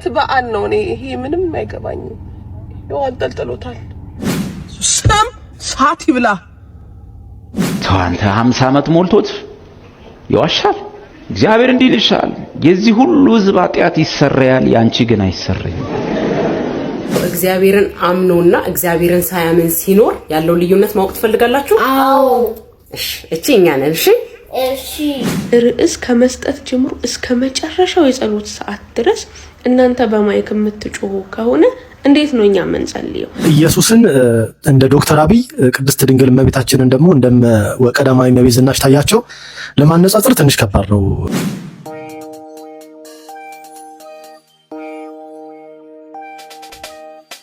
የጥምቀት በዓል ነው። እኔ ይሄ ምንም አይገባኝም። ይኸው አንጠልጥሎታል። ሰም ሰዓት ይብላ ተዋንተ 50 ዓመት ሞልቶት ይዋሻል። እግዚአብሔር እንዲህ ይልሻል፣ የዚህ ሁሉ ህዝብ ኃጢአት ይሰረያል፣ ያንቺ ግን አይሰረይም። እግዚአብሔርን አምኖና እግዚአብሔርን ሳያምን ሲኖር ያለው ልዩነት ማወቅ ትፈልጋላችሁ? አዎ። እሺ፣ እቺ እኛ ነን። እሺ ርዕስ ከመስጠት ጀምሮ እስከ መጨረሻው የጸሎት ሰዓት ድረስ እናንተ በማይክ የምትጮሁ ከሆነ እንዴት ነው እኛ የምንጸልየው? ኢየሱስን እንደ ዶክተር አብይ ቅድስት ድንግል እመቤታችንን ደግሞ እንደ ቀዳማዊ እመቤት ዝናሽ ታያቸው ለማነጻጸር ትንሽ ከባድ ነው።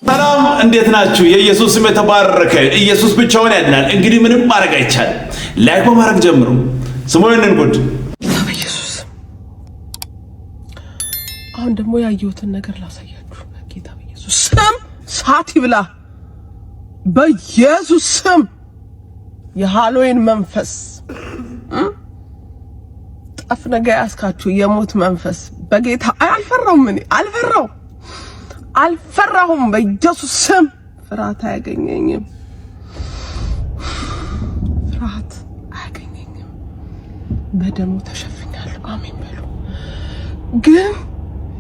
ሰላም እንዴት ናችሁ? የኢየሱስ ስም የተባረከ። ኢየሱስ ብቻውን ያድናል። እንግዲህ ምንም ማድረግ አይቻልም። ላይክ በማድረግ ጀምሩ። ስሙ ይህንን ጉድ። በኢየሱስ አሁን ደግሞ ያየሁትን ነገር ላሳያችሁ። ጌታ በኢየሱስ ስም ሳቲ ብላ በኢየሱስ ስም የሃሎዊን መንፈስ ጠፍ ነገ ያስካችሁ የሞት መንፈስ በጌታ አልፈራሁም። እኔ አልፈራው አልፈራሁም። በኢየሱስ ስም ፍርሃት አያገኘኝም። ፍርሃት በደሙ ተሸፍኛለሁ። አሜን በሉ። ግን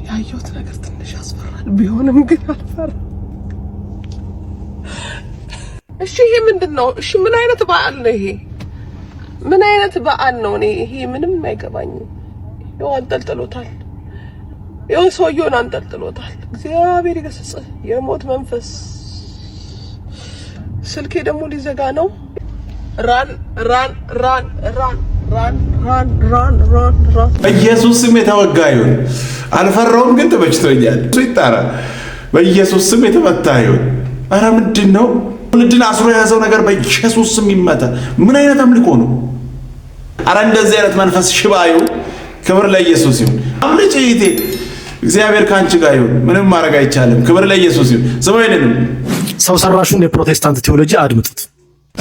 ያየሁት ነገር ትንሽ ያስፈራል። ቢሆንም ግን አልፈራም። እሺ፣ ይሄ ምንድን ነው? እሺ፣ ምን አይነት በዓል ነው ይሄ? ምን አይነት በዓል ነው? እኔ ይሄ ምንም አይገባኝም። ይኸው አንጠልጥሎታል። ይኸው ሰውየውን አንጠልጥሎታል። እግዚአብሔር ይገስጽህ የሞት መንፈስ። ስልኬ ደግሞ ሊዘጋ ነው። ራን ራን ራን ራን ራን በኢየሱስ ስም የተወጋ ይሁን። አልፈራውም፣ ግን ተመችቶኛል። እሱ ይጣራ። በኢየሱስ ስም የተመታ ይሁን። አረ ምንድን ነው ትውልድን አስሮ የያዘው ነገር? በኢየሱስ ስም ይመታ። ምን አይነት አምልኮ ነው? አረ እንደዚህ አይነት መንፈስ ሽባዩ። ክብር ለኢየሱስ ይሁን። አምልጭ ይቴ እግዚአብሔር ከአንቺ ጋር ይሁን። ምንም ማድረግ አይቻልም። ክብር ለኢየሱስ ይሁን። ሰው ሰራሹን የፕሮቴስታንት ቴዎሎጂ አድምጡት።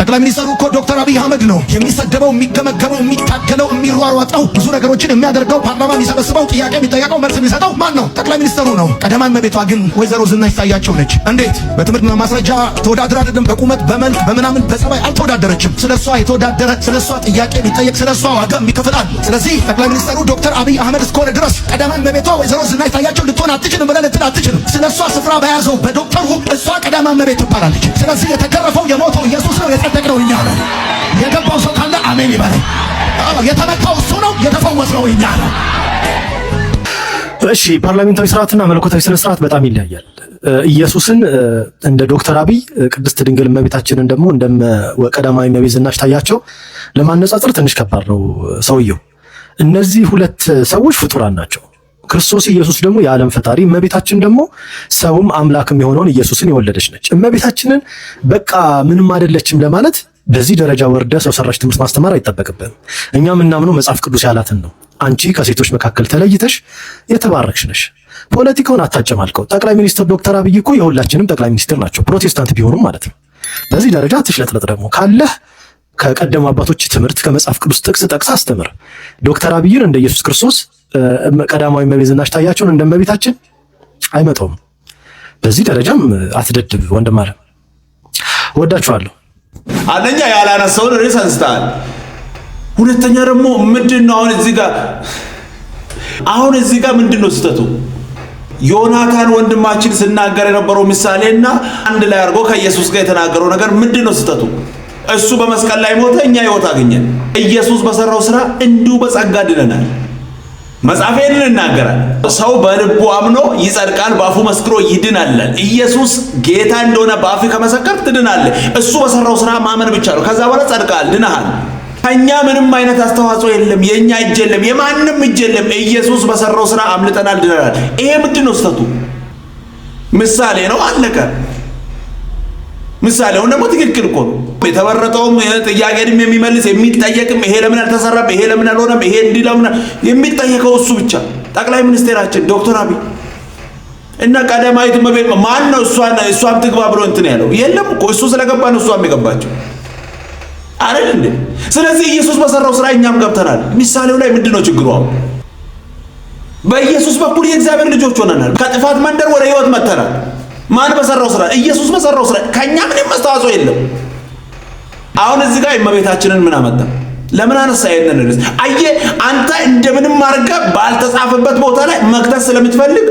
ጠቅላይ ሚኒስትሩ እኮ ዶክተር አብይ አህመድ ነው የሚሰደበው፣ የሚገመገመው፣ የሚታገለው፣ የሚሯሯጠው ብዙ ነገሮችን የሚያደርገው፣ ፓርላማ የሚሰበስበው፣ ጥያቄ የሚጠየቀው፣ መልስ የሚሰጠው ማን ነው? ጠቅላይ ሚኒስትሩ ነው። ቀዳማዊት እመቤቷ ግን ወይዘሮ ዝናሽ ታያቸው ነች። እንዴት? በትምህርትና ማስረጃ ተወዳድራ አይደለም፣ በቁመት በመልክ በምናምን በጸባይ አልተወዳደረችም። ስለሷ የተወዳደረ ስለሷ ጥያቄ የሚጠየቅ ስለሷ ዋጋ የሚከፍላል። ስለዚህ ጠቅላይ ሚኒስትሩ ዶክተር አብይ አህመድ እስከሆነ ድረስ ቀዳማዊት እመቤቷ ወይዘሮ ዝናሽ ታያቸው ልትሆን አትችልም ብለን ልትል አትችልም። ስለሷ ስፍራ በያዘው በዶክተሩ እሷ ቀዳማዊት እመቤት ትባላለች። ስለዚህ የተገረፈው የሞተው ኢየሱስ ነው። መጸደቅ ነው እኛ ነን። የገባው ሰው ካለ አሜን ይበል። የተመታው እሱ ነው፣ የተፈወሰው እኛ ነን። እሺ ፓርላሜንታዊ ስርዓትና መለኮታዊ ስነ ስርዓት በጣም ይለያያል። ኢየሱስን እንደ ዶክተር አብይ ቅድስት ድንግል እመቤታችንን ደግሞ እንደ ቀዳማዊ እመቤት ዝናሽ ታያቸው ለማነጻጸር ትንሽ ከባድ ነው ሰውየው። እነዚህ ሁለት ሰዎች ፍጡራን ናቸው። ክርስቶስ ኢየሱስ ደግሞ የዓለም ፈጣሪ፣ እመቤታችን ደግሞ ሰውም አምላክም የሆነውን ኢየሱስን የወለደች ነች። እመቤታችንን በቃ ምንም አይደለችም ለማለት በዚህ ደረጃ ወርደ ሰው ሰራሽ ትምህርት ማስተማር አይጠበቅብንም። እኛ የምናምነው መጽሐፍ ቅዱስ ያላትን ነው። አንቺ ከሴቶች መካከል ተለይተሽ የተባረክሽ ነሽ። ፖለቲካውን አታጨማልቀው። ጠቅላይ ሚኒስትር ዶክተር አብይ እኮ የሁላችንም ጠቅላይ ሚኒስትር ናቸው፣ ፕሮቴስታንት ቢሆኑም ማለት ነው። በዚህ ደረጃ አትሽለጥለጥ። ደግሞ ካለህ ከቀደሙ አባቶች ትምህርት ከመጽሐፍ ቅዱስ ጥቅስ ጠቅስ አስተምር። ዶክተር አብይን እንደ ኢየሱስ ክርስቶስ ቀዳማዊ እመቤት ዝናሽ ታያቸውን እንደ እመቤታችን አይመጣውም። በዚህ ደረጃም አትደድብ ወንድማለም፣ ወዳችኋለሁ። አንደኛ ያላነሳውን ርዕስ አንስተሃል። ሁለተኛ ደግሞ ምንድን ነው አሁን እዚህ ጋር አሁን እዚህ ጋር ምንድን ነው ስህተቱ? ዮናታን ወንድማችን ስናገር የነበረው እና አንድ ላይ አድርጎ ከኢየሱስ ጋር የተናገረው ነገር ምንድን ነው ስህተቱ? እሱ በመስቀል ላይ ሞተ፣ እኛ ህይወት አገኘን። ኢየሱስ በሰራው ስራ እንዲሁ በጸጋ ድነናል። መጽሐፍ ይህንን እናገራል። ሰው በልቡ አምኖ ይጸድቃል፣ በአፉ መስክሮ ይድናል። ኢየሱስ ጌታ እንደሆነ በአፍ ከመሰከር ትድናለ። እሱ በሰራው ስራ ማመን ብቻ ነው። ከዛ በኋላ ጸድቃል፣ ድናሃል። ከኛ ምንም አይነት አስተዋጽኦ የለም፣ የኛ እጅ የለም፣ የማንም እጅ የለም። ኢየሱስ በሰራው ስራ አምልጠናል፣ ድናል። ይሄ ምንድን ነው ምሳሌ ነው፣ አለቀ። ምሳሌውን ደግሞ ትክክል እኮ ነው። የተመረጠውም ጥያቄንም የሚመልስ የሚጠየቅም ይሄ ለምን አልተሰራም፣ ይሄ ለምን አልሆነም፣ ይሄ እንዲህ ለምን የሚጠየቀው እሱ ብቻ ጠቅላይ ሚኒስቴራችን ዶክተር አብይ እና ቀደማዊት እመቤት ማን ነው? እሷን እሷም ትግባ ብሎ እንትን ያለው የለም እኮ እሱ ስለገባ ነው እሷም የገባቸው አይደል እንዴ? ስለዚህ ኢየሱስ በሰራው ስራ እኛም ገብተናል። ምሳሌው ላይ ምንድን ነው ችግሩ? በኢየሱስ በኩል የእግዚአብሔር ልጆች ሆነናል። ከጥፋት መንደር ወደ ህይወት መተናል። ማን በሰራው ስራ? ኢየሱስ በሰራው ስራ። ከኛ ምንም አስተዋጽኦ የለም። አሁን እዚህ ጋር እመቤታችንን ምን አመጣ? ለምን አነሳ? ይሄንን ልጅ አየህ አንተ እንደምንም አድርገህ ባልተጻፈበት ቦታ ላይ መክተት ስለምትፈልግ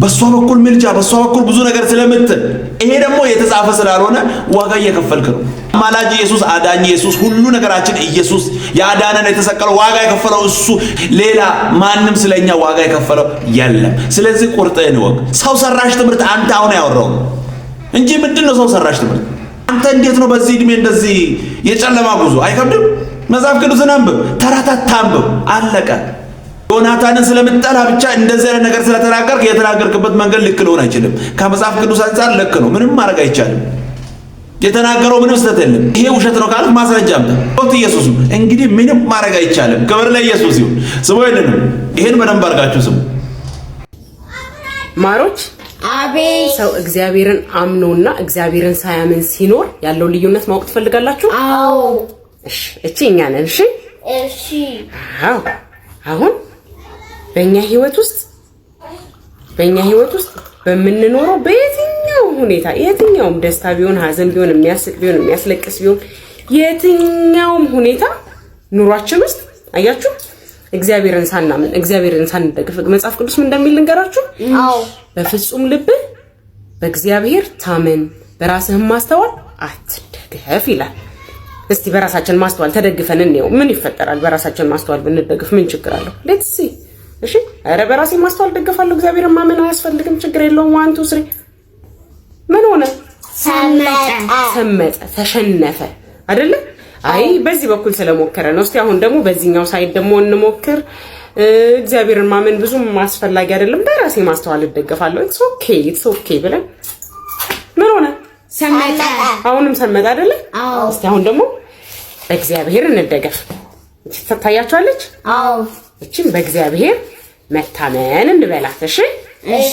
በእሷ በኩል ምልጃ፣ በእሷ በኩል ብዙ ነገር ስለምትል ይሄ ደግሞ የተጻፈ ስላልሆነ ዋጋ እየከፈልክ ነው። አማላጅ ኢየሱስ፣ አዳኝ ኢየሱስ፣ ሁሉ ነገራችን ኢየሱስ ያዳነን የተሰቀለው ዋጋ የከፈለው እሱ፣ ሌላ ማንም ስለኛ ዋጋ የከፈለው የለም። ስለዚህ ቁርጥህን ወቅ። ሰው ሰራሽ ትምህርት አንተ አሁን ያወራው እንጂ ምንድን ነው ሰው ሰራሽ ትምህርት? አንተ እንዴት ነው በዚህ እድሜ እንደዚህ የጨለማ ጉዞ አይከብድም? መጽሐፍ ቅዱስን አንብብ፣ ተራታት ታንብብ፣ አለቀ። ዮናታንን ስለምጠላ ብቻ እንደዚህ ነገር ስለተናገርክ የተናገርክበት መንገድ ልክ ሊሆን አይችልም። ከመጽሐፍ ቅዱስ አንጻር ልክ ነው፣ ምንም ማድረግ አይቻልም። የተናገረው ምንም ስህተት የለም። ይሄ ውሸት ነው ካልክ ማስረጃ አምጣ። ኢየሱስ እንግዲህ ምንም ማድረግ አይቻልም። ክብር ለኢየሱስ ይሁን። ስሙ ይልንም ይሄን በደንብ አድርጋችሁ ስሙ ማሮች። አቤት ሰው እግዚአብሔርን አምኖና እግዚአብሔርን ሳያምን ሲኖር ያለው ልዩነት ማወቅ ትፈልጋላችሁ? አዎ። እሺ፣ እቺ እኛ ነን። እሺ፣ እሺ። አዎ አሁን በእኛ ህይወት ውስጥ በእኛ ህይወት ውስጥ በምንኖረው በየትኛውም ሁኔታ የትኛውም ደስታ ቢሆን ሀዘን ቢሆን የሚያስቅ ቢሆን የሚያስለቅስ ቢሆን የትኛውም ሁኔታ ኑሯችን ውስጥ አያችሁ እግዚአብሔርን ሳናምን እግዚአብሔርን ሳንደግፍ መጽሐፍ ቅዱስ ምን እንደሚል ልንገራችሁ። በፍጹም ልብ በእግዚአብሔር ታመን በራስህን ማስተዋል አትደግፍ ይላል። እስቲ በራሳችን ማስተዋል ተደግፈን እንየው ምን ይፈጠራል? በራሳችን ማስተዋል ብንደግፍ ምን ችግር አለው? እሺ ኧረ በራሴ ማስተዋል ደግፋለሁ። እግዚአብሔር ማመን አያስፈልግም። ችግር የለውም። ዋን ቱ ስሪ ምን ሆነ? ሰመጠ፣ ሰመጠ፣ ተሸነፈ አይደለ? አይ በዚህ በኩል ስለሞከረ ነው። እስቲ አሁን ደግሞ በዚህኛው ሳይድ ደግሞ እንሞክር። እግዚአብሔርን ማመን ብዙም አስፈላጊ አይደለም። በራሴ ማስተዋል እደገፋለሁ። ኢትስ ኦኬ፣ ኢትስ ኦኬ ብለን ምን ሆነ? ሰመጠ። አሁንም ሰመጠ አይደለ? እስቲ አሁን ደግሞ እግዚአብሔር እንደገፍ። ትታያችኋለች። አዎ እቺም በእግዚአብሔር መታመን እንበላት። እሺ እሺ።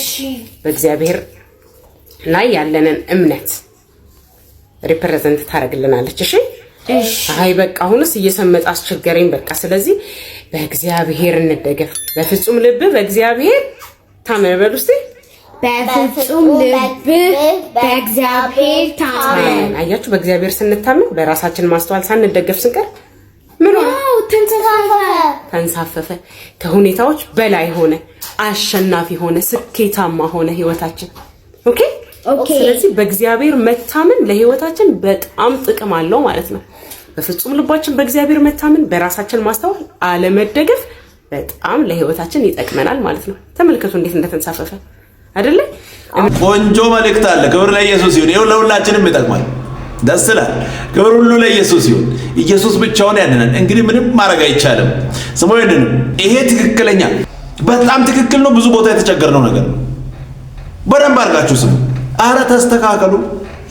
በእግዚአብሔር ላይ ያለንን እምነት ሪፕሬዘንት ታደርግልናለች። እሺ እሺ። አይ በቃ አሁንስ እየሰመጣ አስቸገረኝ። በቃ ስለዚህ በእግዚአብሔር እንደገፍ። በፍጹም ልብ በእግዚአብሔር ታመን በል ውስጥ በፍጹም ልብ በእግዚአብሔር ታመን። አያችሁ፣ በእግዚአብሔር ስንታመን በራሳችን ማስተዋል ሳንደገፍ ስንቀር ተንሳፈፈ፣ ከሁኔታዎች በላይ ሆነ፣ አሸናፊ ሆነ፣ ስኬታማ ሆነ ህይወታችን። ኦኬ ኦኬ። ስለዚህ በእግዚአብሔር መታመን ለህይወታችን በጣም ጥቅም አለው ማለት ነው። በፍጹም ልባችን በእግዚአብሔር መታመን፣ በራሳችን ማስተዋል አለመደገፍ በጣም ለህይወታችን ይጠቅመናል ማለት ነው። ተመልከቱ እንዴት እንደተንሳፈፈ አይደለ? ቆንጆ መልእክት አለ። ክብር ለኢየሱስ ይሁን። ይኸው ለሁላችንም ይጠቅማል። ደስ ይላል። ክብር ሁሉ ለኢየሱስ ይሁን። ኢየሱስ ብቻውን ያድናል። እንግዲህ ምንም ማድረግ አይቻልም። ስሙ ይድን። ይሄ ትክክለኛ በጣም ትክክል ነው። ብዙ ቦታ የተቸገርነው ነገር ነው። በደንብ አድርጋችሁ ስሙ። አረ ተስተካከሉ።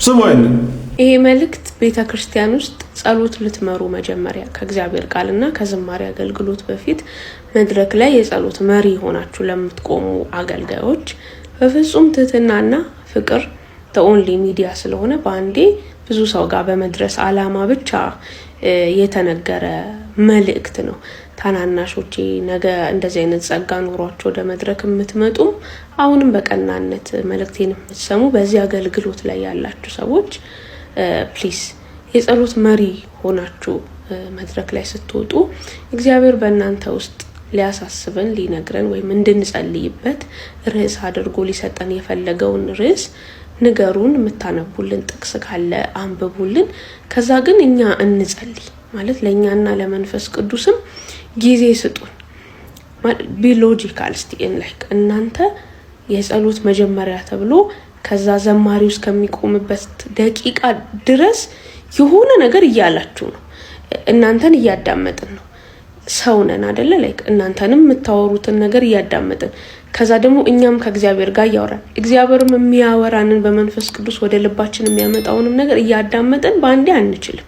ስሙ ይድን። ይሄ መልእክት ቤተ ክርስቲያን ውስጥ ጸሎት ልትመሩ መጀመሪያ ከእግዚአብሔር ቃልና ከዝማሬ አገልግሎት በፊት መድረክ ላይ የጸሎት መሪ ሆናችሁ ለምትቆሙ አገልጋዮች በፍጹም ትህትናና ፍቅር ተኦንሊ ሚዲያ ስለሆነ በአንዴ ብዙ ሰው ጋር በመድረስ አላማ ብቻ የተነገረ መልእክት ነው። ታናናሾች ነገ እንደዚህ አይነት ጸጋ ኖሯቸው ወደ መድረክ የምትመጡም አሁንም በቀናነት መልእክቴን የምትሰሙ በዚህ አገልግሎት ላይ ያላችሁ ሰዎች ፕሊስ የጸሎት መሪ ሆናችሁ መድረክ ላይ ስትወጡ እግዚአብሔር በእናንተ ውስጥ ሊያሳስበን ሊነግረን ወይም እንድንጸልይበት ርዕስ አድርጎ ሊሰጠን የፈለገውን ርዕስ ንገሩን፣ የምታነቡልን ጥቅስ ካለ አንብቡልን። ከዛ ግን እኛ እንጸልይ ማለት ለእኛና ለመንፈስ ቅዱስም ጊዜ ስጡን። ቢሎጂካል ስቲን ላይክ እናንተ የጸሎት መጀመሪያ ተብሎ ከዛ ዘማሪው እስከሚቆምበት ደቂቃ ድረስ የሆነ ነገር እያላችሁ ነው። እናንተን እያዳመጥን ነው። ሰው ነን አደለ? ላይክ እናንተንም የምታወሩትን ነገር እያዳመጥን ከዛ ደግሞ እኛም ከእግዚአብሔር ጋር እያወራን እግዚአብሔርም የሚያወራንን በመንፈስ ቅዱስ ወደ ልባችን የሚያመጣውንም ነገር እያዳመጥን በአንዴ አንችልም።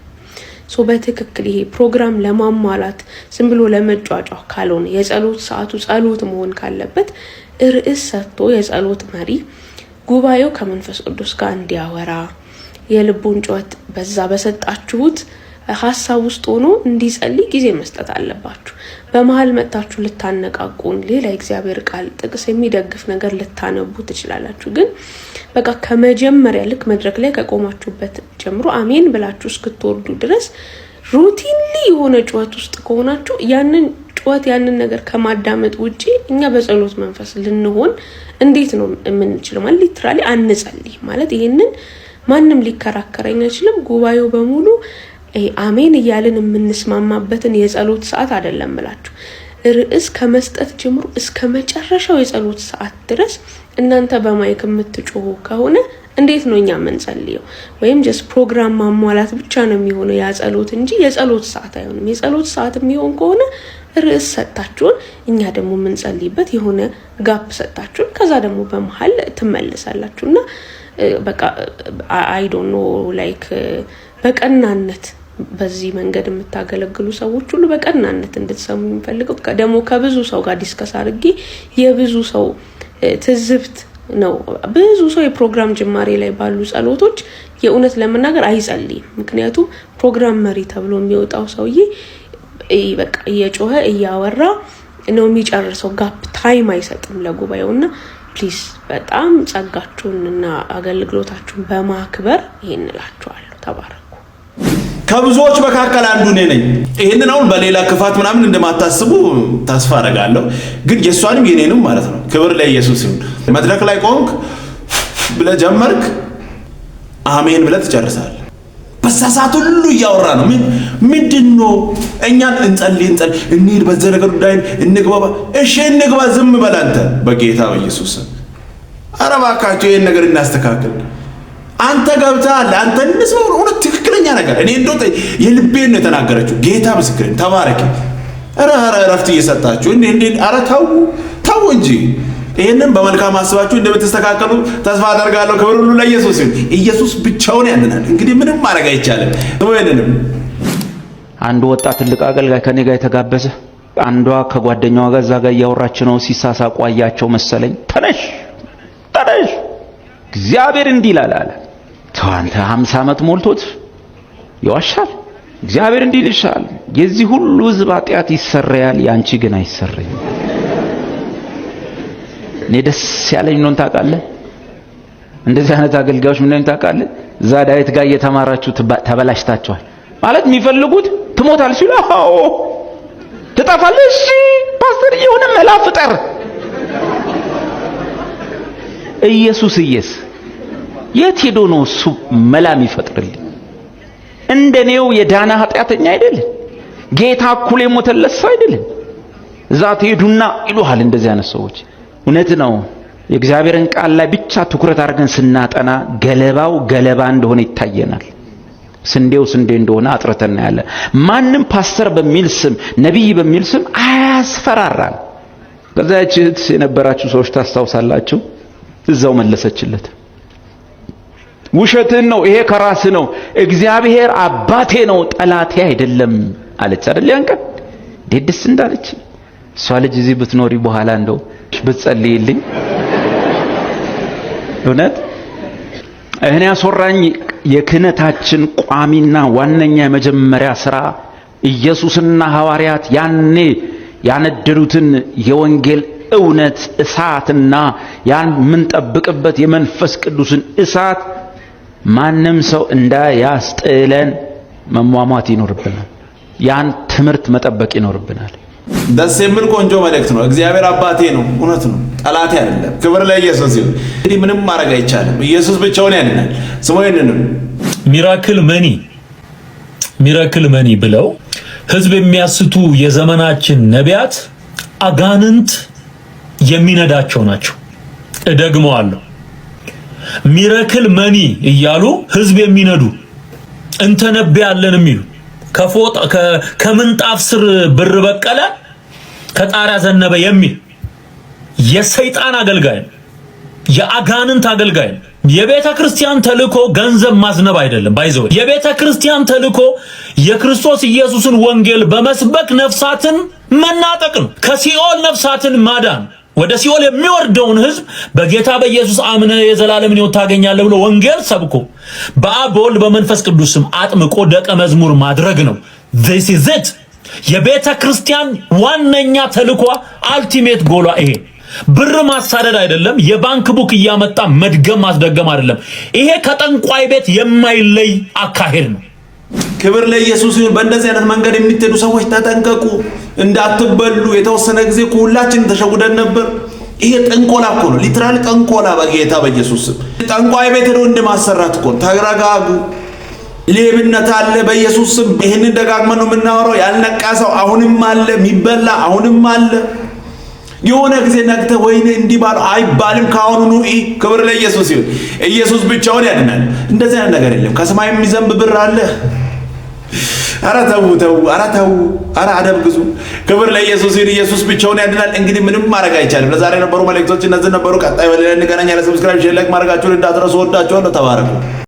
ሶ በትክክል ይሄ ፕሮግራም ለማሟላት ዝም ብሎ ለመጫጫ ካልሆነ የጸሎት ሰዓቱ ጸሎት መሆን ካለበት ርዕስ ሰጥቶ የጸሎት መሪ ጉባኤው ከመንፈስ ቅዱስ ጋር እንዲያወራ የልቡን ጩኸት በዛ በሰጣችሁት ሀሳብ ውስጥ ሆኖ እንዲጸልይ ጊዜ መስጠት አለባችሁ። በመሀል መታችሁ ልታነቃቁን፣ ሌላ እግዚአብሔር ቃል ጥቅስ የሚደግፍ ነገር ልታነቡ ትችላላችሁ። ግን በቃ ከመጀመሪያ ልክ መድረክ ላይ ከቆማችሁበት ጀምሮ አሜን ብላችሁ እስክትወርዱ ድረስ ሩቲንሊ የሆነ ጩኸት ውስጥ ከሆናችሁ ያንን ጩኸት ያንን ነገር ከማዳመጥ ውጪ እኛ በጸሎት መንፈስ ልንሆን እንዴት ነው የምንችለው? ማለት ሊትራሊ አንጸልይ ማለት ይህንን ማንም ሊከራከረኝ አይችልም። ጉባኤው በሙሉ አሜን እያልን የምንስማማበትን የጸሎት ሰዓት አይደለም ምላችሁ ርዕስ ከመስጠት ጀምሮ እስከ መጨረሻው የጸሎት ሰዓት ድረስ እናንተ በማይክ የምትጮሁ ከሆነ እንዴት ነው እኛ የምንጸልየው? ወይም ጀስ ፕሮግራም ማሟላት ብቻ ነው የሚሆነው ያ ጸሎት እንጂ የጸሎት ሰዓት አይሆንም። የጸሎት ሰዓት የሚሆን ከሆነ ርዕስ ሰጥታችሁን እኛ ደግሞ የምንጸልይበት የሆነ ጋፕ ሰጥታችሁን ከዛ ደግሞ በመሀል ትመልሳላችሁ እና በቃ አይ ዶንት ኖ ላይክ በቀናነት በዚህ መንገድ የምታገለግሉ ሰዎች ሁሉ በቀናነት እንድትሰሙ የሚፈልገው ደግሞ ከብዙ ሰው ጋር ዲስከስ አድርጌ የብዙ ሰው ትዝብት ነው። ብዙ ሰው የፕሮግራም ጅማሬ ላይ ባሉ ጸሎቶች የእውነት ለመናገር አይጸልይም። ምክንያቱም ፕሮግራም መሪ ተብሎ የሚወጣው ሰውዬ በቃ እየጮኸ እያወራ ነው የሚጨርሰው። ጋፕ ታይም አይሰጥም ለጉባኤው እና ፕሊስ በጣም ጸጋችሁንና አገልግሎታችሁን በማክበር ይህንላችኋለሁ። እላችኋለሁ። ተባረኩ። ከብዙዎች መካከል አንዱ እኔ ነኝ። ይህንን አሁን በሌላ ክፋት ምናምን እንደማታስቡ ተስፋ አደርጋለሁ። ግን የእሷንም የኔንም ማለት ነው። ክብር ለኢየሱስ ይሁን። መድረክ ላይ ቆንክ ብለህ ጀመርክ፣ አሜን ብለህ ትጨርሳል። በዛ ሰዓት ሁሉ እያወራ ነው። ምንድን ነው እኛን እንጸል እንጸልይ እንሂድ፣ በዛ ነገር ጉዳይ እንግባባ። እሺ እንግባ፣ ዝም በል አንተ በጌታ በኢየሱስ አረባካቸው። ይህን ነገር እናስተካክል። አንተ ገብተሃል፣ አንተ እንስማ ሁለት ነገር እኔ እንዶ የልቤን ነው የተናገረችው። ጌታ ምስክርን ተባረክ። ኧረ ኧረ እረፍት እየሰጣችሁ እንዴ እንዴ! ኧረ ተው ተው እንጂ ይህንን በመልካም አስባችሁ እንደምትስተካከሉ ተስፋ አደርጋለሁ። ክብር ሁሉ ለኢየሱስ ይሁን። ኢየሱስ ብቻውን ያድናል። እንግዲህ ምንም ማድረግ አይቻልም። ወይንንም አንድ ወጣት ትልቅ አገልጋይ ከኔ ጋር የተጋበዘ አንዷ ከጓደኛዋ ጋር እዛ ጋር እያወራች ነው። ሲሳሳ ቋያቸው መሰለኝ። ተነሽ ተነሽ፣ እግዚአብሔር እንዲህ ይላል አለ። ተው አንተ 50 ዓመት ሞልቶት ይዋሻል። እግዚአብሔር እንዲህ ይልሻል፣ የዚህ ሁሉ ህዝብ ኃጢአት ይሰረያል፣ ያንቺ ግን አይሰረይም። እኔ ደስ ያለኝ ነው ታውቃለህ። እንደዚህ አይነት አገልጋዮች ምን ታውቃለህ፣ እዛ ዳዊት ጋር እየተማራችሁ ተበላሽታችኋል። ማለት የሚፈልጉት ትሞታል ሲሉ አዎ ትጠፋለህ። እሺ ፓስተር የሆነ መላ ፍጠር። ኢየሱስ እየስ የት ሄዶ ነው እሱ መላ የሚፈጥርልኝ? እንደኔው የዳና ኃጢአተኛ አይደለም። ጌታ እኩል የሞተለት ሰው አይደለም። እዛ ትሄዱና ይሉሃል እንደዚህ አይነት ሰዎች። እውነት ነው። የእግዚአብሔርን ቃል ላይ ብቻ ትኩረት አድርገን ስናጠና ገለባው ገለባ እንደሆነ ይታየናል። ስንዴው ስንዴ እንደሆነ አጥርተን እናያለን። ማንም ፓስተር በሚል ስም ነቢይ በሚል ስም አያስፈራራል። ከዛ እህት የነበራችሁ ሰዎች ታስታውሳላችሁ። እዛው መለሰችለት። ውሸትን ነው፣ ይሄ ከራስ ነው። እግዚአብሔር አባቴ ነው ጠላቴ አይደለም አለች አይደል? ያን ቀን እንዴት ደስ እንዳለች እሷ ልጅ። እዚህ ብትኖሪ በኋላ እንደው ብትጸልይልኝ እውነት እኔ ያስወራኝ የክህነታችን ቋሚና ዋነኛ የመጀመሪያ ስራ ኢየሱስና ሐዋርያት ያኔ ያነደዱትን የወንጌል እውነት እሳትና ያን የምንጠብቅበት የመንፈስ ቅዱስን እሳት ማንም ሰው እንዳያስጥለን መሟሟት ይኖርብናል። ያን ትምህርት መጠበቅ ይኖርብናል። ደስ የሚል ቆንጆ መልእክት ነው። እግዚአብሔር አባቴ ነው፣ እውነት ነው፣ ጠላቴ አይደለም። ክብር ለኢየሱስ ይሁን። እንግዲህ ምንም ማድረግ አይቻልም። ኢየሱስ ብቻውን ያድናል። ስሙ ይንንም ሚራክል መኒ ሚራክል መኒ ብለው ህዝብ የሚያስቱ የዘመናችን ነቢያት አጋንንት የሚነዳቸው ናቸው። እደግመዋለሁ ሚረክል መኒ እያሉ ህዝብ የሚነዱ እንተነብያለን የሚሉ ከፎጣ ከምንጣፍ ስር ብር በቀለ ከጣሪያ ዘነበ የሚል የሰይጣን አገልጋይ የአጋንንት አገልጋይ የቤተ ክርስቲያን ተልእኮ ገንዘብ ማዝነብ አይደለም። ባይዘው የቤተ ክርስቲያን ተልእኮ የክርስቶስ ኢየሱስን ወንጌል በመስበክ ነፍሳትን መናጠቅ ነው፣ ከሲኦል ነፍሳትን ማዳን ወደ ሲኦል የሚወርደውን ህዝብ በጌታ በኢየሱስ አምነ የዘላለም ሕይወት ታገኛለህ ብሎ ወንጌል ሰብኮ በአብ በወልድ በመንፈስ ቅዱስ ስም አጥምቆ ደቀ መዝሙር ማድረግ ነው። this is it የቤተ ክርስቲያን ዋነኛ ተልኳ አልቲሜት ጎሏ ይሄ ብር ማሳደድ አይደለም። የባንክ ቡክ እያመጣ መድገም ማስደገም አይደለም። ይሄ ከጠንቋይ ቤት የማይለይ አካሄድ ነው። ክብር ለኢየሱስ። በእንደዚህ አይነት መንገድ የምትሄዱ ሰዎች ተጠንቀቁ። እንዳትበሉ የተወሰነ ጊዜ ሁላችን ተሸጉደን ነበር። ይሄ ጠንቆላ እኮ ነው፣ ሊትራል ጠንቆላ። በጌታ በኢየሱስ ስም ጠንቋይ ቤት ነው እንደማሰራት እኮ ተረጋጉ። ሌብነት አለ በኢየሱስ ስም። ይህንን ደጋግመን ነው የምናወራው። ያልነቃ ሰው አሁንም አለ፣ የሚበላ አሁንም አለ። የሆነ ጊዜ ነግተ ወይኔ እንዲህ አይባልም። ከአሁኑ ኑኢ ክብር ለኢየሱስ ይሁን። ኢየሱስ ብቻውን ያድናል። እንደዚህ አይነት ነገር የለም። ከሰማይ የሚዘንብ ብር አለ። ኧረ ተው ተው፣ ኧረ ተው፣ ኧረ አደብ ግዙ። ክብር ለኢየሱስ ይሁን። ኢየሱስ ብቻውን ያድናል። እንግዲህ ምንም ማድረግ አይቻልም። ለዛሬ የነበሩ መልእክቶች እነዚህ ነበሩ። ቀጣይ በሌላ እንገናኛለን። ሰብስክራይብ፣ ሼር፣ ላይክ ማድረጋችሁን እንዳትረሱ። ወዳችኋለሁ። ተባረኩ።